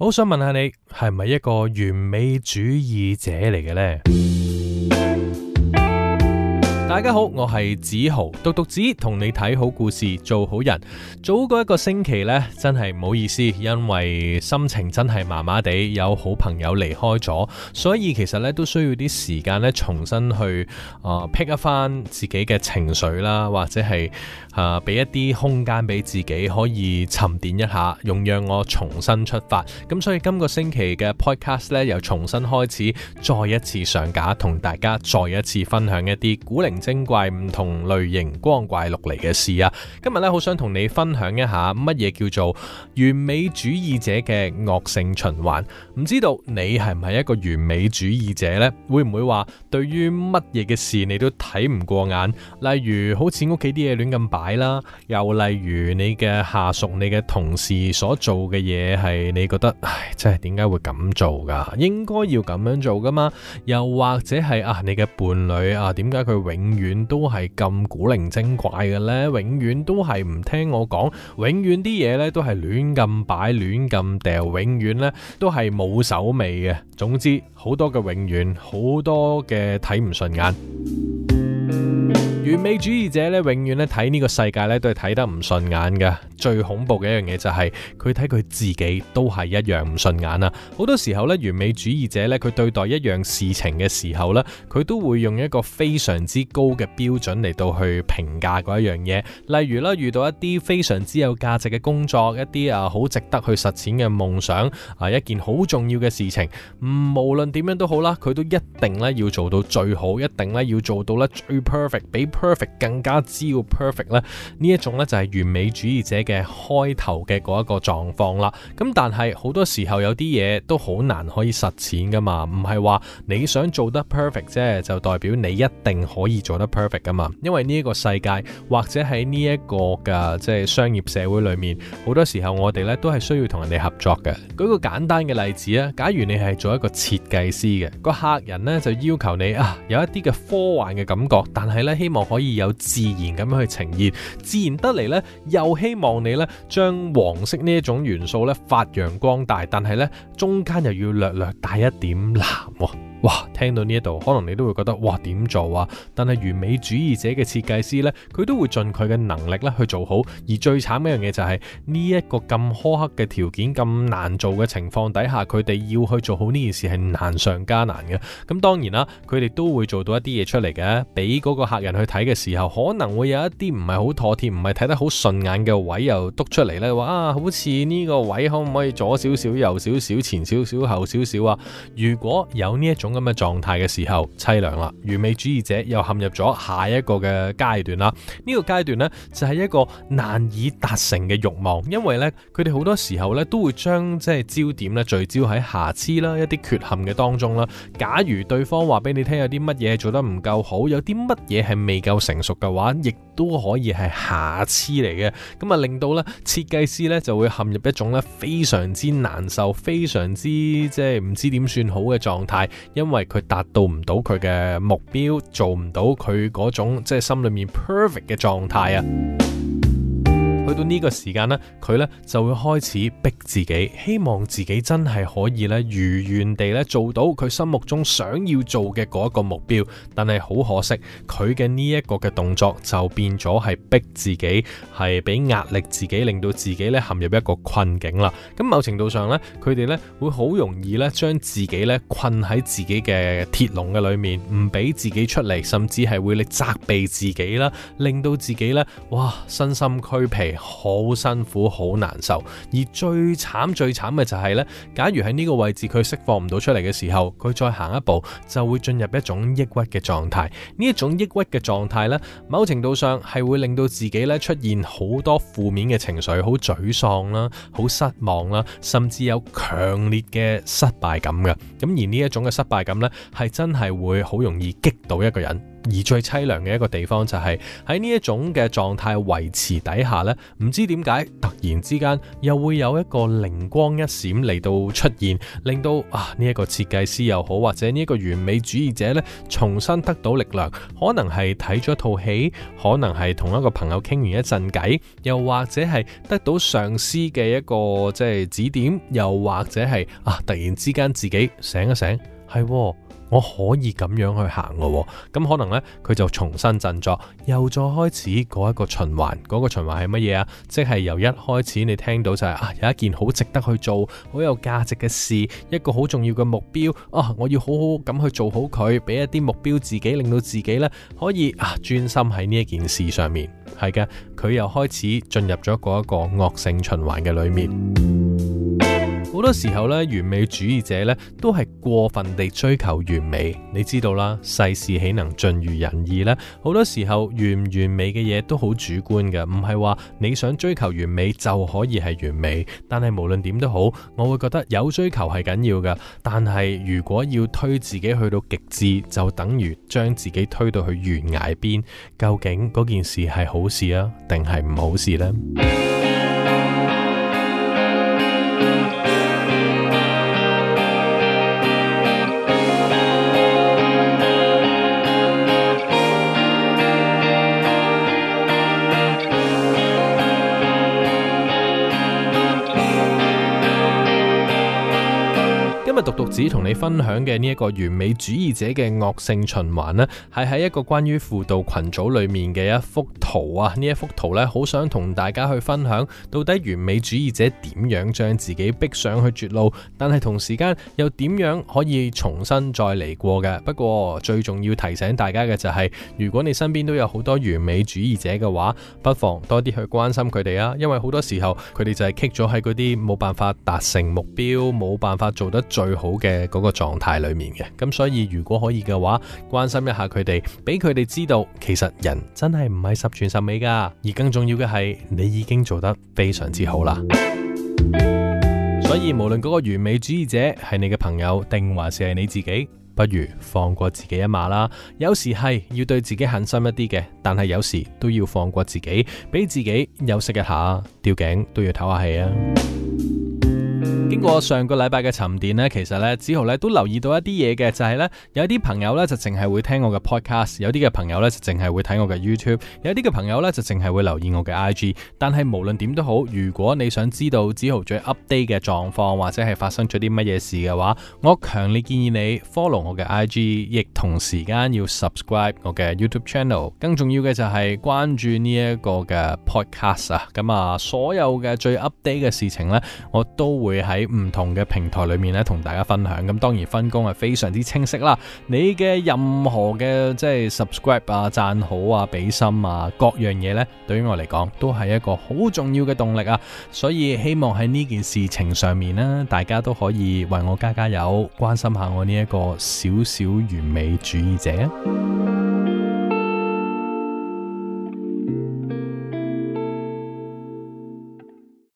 好想問下你，係咪一個完美主義者嚟嘅咧？大家好，我係梓豪，獨讀子同你睇好故事，做好人。早個一個星期咧，真係唔好意思，因為心情真係麻麻地，有好朋友離開咗，所以其實咧都需要啲時間咧，重新去啊、呃、pick 一翻自己嘅情緒啦，或者係啊，俾一啲空間俾自己可以沉澱一下，用讓我重新出發。咁所以今個星期嘅 podcast 咧又重新開始，再一次上架，同大家再一次分享一啲古靈精怪唔同類型光怪陸嚟嘅事啊！今日咧，好想同你分享一下乜嘢叫做完美主義者嘅惡性循環。唔知道你係唔係一個完美主義者呢？會唔會話對於乜嘢嘅事你都睇唔過眼？例如好似屋企啲嘢亂咁擺啦，又例如你嘅下屬、你嘅同事所做嘅嘢係你覺得唉，真係點解會咁做噶？應該要咁樣做噶嘛？又或者係啊，你嘅伴侶啊，點解佢永永遠都係咁古靈精怪嘅呢，永遠都係唔聽我講，永遠啲嘢呢都係亂咁擺、亂咁掉，永遠呢都係冇手尾嘅。總之，好多嘅永遠，好多嘅睇唔順眼。完美主義者咧，永遠咧睇呢個世界咧都係睇得唔順眼嘅。最恐怖嘅一樣嘢就係佢睇佢自己都係一樣唔順眼啊！好多時候咧，完美主義者咧，佢對待一樣事情嘅時候咧，佢都會用一個非常之高嘅標準嚟到去評價嗰一樣嘢。例如啦，遇到一啲非常之有價值嘅工作，一啲啊好值得去實踐嘅夢想啊，一件好重要嘅事情，唔無論點樣都好啦，佢都一定咧要做到最好，一定咧要做到咧最 perfect，perfect 更加只要 perfect 咧，呢一種咧就係完美主義者嘅開頭嘅嗰一個狀況啦。咁但係好多時候有啲嘢都好難可以實踐噶嘛，唔係話你想做得 perfect 啫，就代表你一定可以做得 perfect 噶嘛。因為呢一個世界或者喺呢一個嘅即係商業社會裏面，好多時候我哋咧都係需要同人哋合作嘅。舉個簡單嘅例子啊，假如你係做一個設計師嘅，個客人咧就要求你啊有一啲嘅科幻嘅感覺，但係咧希望可以有自然咁樣去呈現，自然得嚟呢，又希望你呢將黃色呢一種元素呢發揚光大，但係呢中間又要略略帶一點藍，哦。哇，聽到呢一度，可能你都會覺得哇，點做啊？但係完美主義者嘅設計師呢，佢都會盡佢嘅能力咧去做好。而最慘一樣嘢就係呢一個咁苛刻嘅條件、咁難做嘅情況底下，佢哋要去做好呢件事係難上加難嘅。咁當然啦，佢哋都會做到一啲嘢出嚟嘅，俾嗰個客人去睇嘅時候，可能會有一啲唔係好妥貼、唔係睇得好順眼嘅位又督出嚟咧。話啊，好似呢個位可唔可以左少少、右少少、前少少、後少少啊？如果有呢一種，咁嘅狀態嘅時候，淒涼啦。完美主義者又陷入咗下一個嘅階段啦。呢個階段呢，就係一個難以達成嘅慾望，因為呢，佢哋好多時候呢，都會將即係焦點呢聚焦喺瑕疵啦、一啲缺陷嘅當中啦。假如對方話俾你聽有啲乜嘢做得唔夠好，有啲乜嘢係未夠成熟嘅話，亦都可以係瑕疵嚟嘅。咁啊，令到呢設計師呢，就會陷入一種呢非常之難受、非常之即係唔知點算好嘅狀態。因為佢達到唔到佢嘅目標，做唔到佢嗰種即係、就是、心裏面 perfect 嘅狀態啊。去到呢個時間呢，佢呢就會開始逼自己，希望自己真係可以呢如願地呢做到佢心目中想要做嘅嗰一個目標。但係好可惜，佢嘅呢一個嘅動作就變咗係逼自己，係俾壓力自己，令到自己呢陷入一個困境啦。咁某程度上呢，佢哋呢會好容易呢將自己呢困喺自己嘅鐵籠嘅裏面，唔俾自己出嚟，甚至係會你責備自己啦，令到自己呢，哇，身心俱疲。好辛苦，好難受，而最慘最慘嘅就係呢，假如喺呢個位置佢釋放唔到出嚟嘅時候，佢再行一步就會進入一種抑鬱嘅狀態。呢一種抑鬱嘅狀態呢，某程度上係會令到自己呢出現好多負面嘅情緒，好沮喪啦，好失望啦，甚至有強烈嘅失敗感嘅。咁而呢一種嘅失敗感呢，係真係會好容易激到一個人。而最凄涼嘅一個地方，就係喺呢一種嘅狀態維持底下呢，唔知點解突然之間又會有一個靈光一閃嚟到出現，令到啊呢一個設計師又好，或者呢一個完美主義者咧，重新得到力量。可能係睇咗套戲，可能係同一個朋友傾完一陣偈，又或者係得到上司嘅一個即係指點，又或者係啊突然之間自己醒一醒，係，哦。我可以咁樣去行嘅，哦，咁可能呢，佢就重新振作，又再開始嗰一個循環。嗰、嗰個循環係乜嘢啊？即係由一開始你聽到就係、係、啊，有一件好值得去做，好有價值嘅事，一個好重要嘅目標啊，我要好好咁去做好佢，俾一啲目標自己，令到自己呢可以啊專心喺呢一件事上面。係嘅，佢又開始進入咗嗰一個惡性循環嘅裏面。好多時候咧，完美主義者咧都係過分地追求完美。你知道啦，世事豈能盡如人意呢？好多時候完唔完美嘅嘢都好主觀嘅，唔係話你想追求完美就可以係完美。但係無論點都好，我會覺得有追求係緊要嘅。但係如果要推自己去到極致，就等於將自己推到去懸崖邊。究竟嗰件事係好事啊，定係唔好事呢？獨讀子同你分享嘅呢一個完美主義者嘅惡性循環呢，係喺一個關於輔導群組裏面嘅一幅圖啊！呢一幅圖呢，好想同大家去分享，到底完美主義者點樣將自己逼上去絕路，但係同時間又點樣可以重新再嚟過嘅？不過最重要提醒大家嘅就係、是，如果你身邊都有好多完美主義者嘅話，不妨多啲去關心佢哋啊！因為好多時候佢哋就係棘咗喺嗰啲冇辦法達成目標、冇辦法做得最。最好嘅嗰個狀態裏面嘅，咁所以如果可以嘅話，關心一下佢哋，俾佢哋知道，其實人真係唔係十全十美㗎，而更重要嘅係你已經做得非常之好啦。所以無論嗰個完美主義者係你嘅朋友定還是係你自己，不如放過自己一馬啦。有時係要對自己狠心一啲嘅，但係有時都要放過自己，俾自己休息一下，吊頸都要唞下氣啊。經過上個禮拜嘅沉澱呢，其實呢梓豪呢都留意到一啲嘢嘅，就係呢，有啲朋友呢就淨係會聽我嘅 podcast，有啲嘅朋友呢就淨係會睇我嘅 YouTube，有啲嘅朋友呢就淨係會留意我嘅 IG。但係無論點都好，如果你想知道梓豪最 update 嘅狀況，或者係發生咗啲乜嘢事嘅話，我強烈建議你 follow 我嘅 IG，亦同時間要 subscribe 我嘅 YouTube channel。更重要嘅就係關注呢一個嘅 podcast 啊。咁啊，所有嘅最 update 嘅事情呢，我都會喺。喺唔同嘅平台裏面咧，同大家分享。咁當然分工係非常之清晰啦。你嘅任何嘅即係 subscribe 啊、讚好啊、俾心啊，各樣嘢呢，對於我嚟講都係一個好重要嘅動力啊。所以希望喺呢件事情上面呢，大家都可以為我加加油，關心下我呢一個小小完美主義者。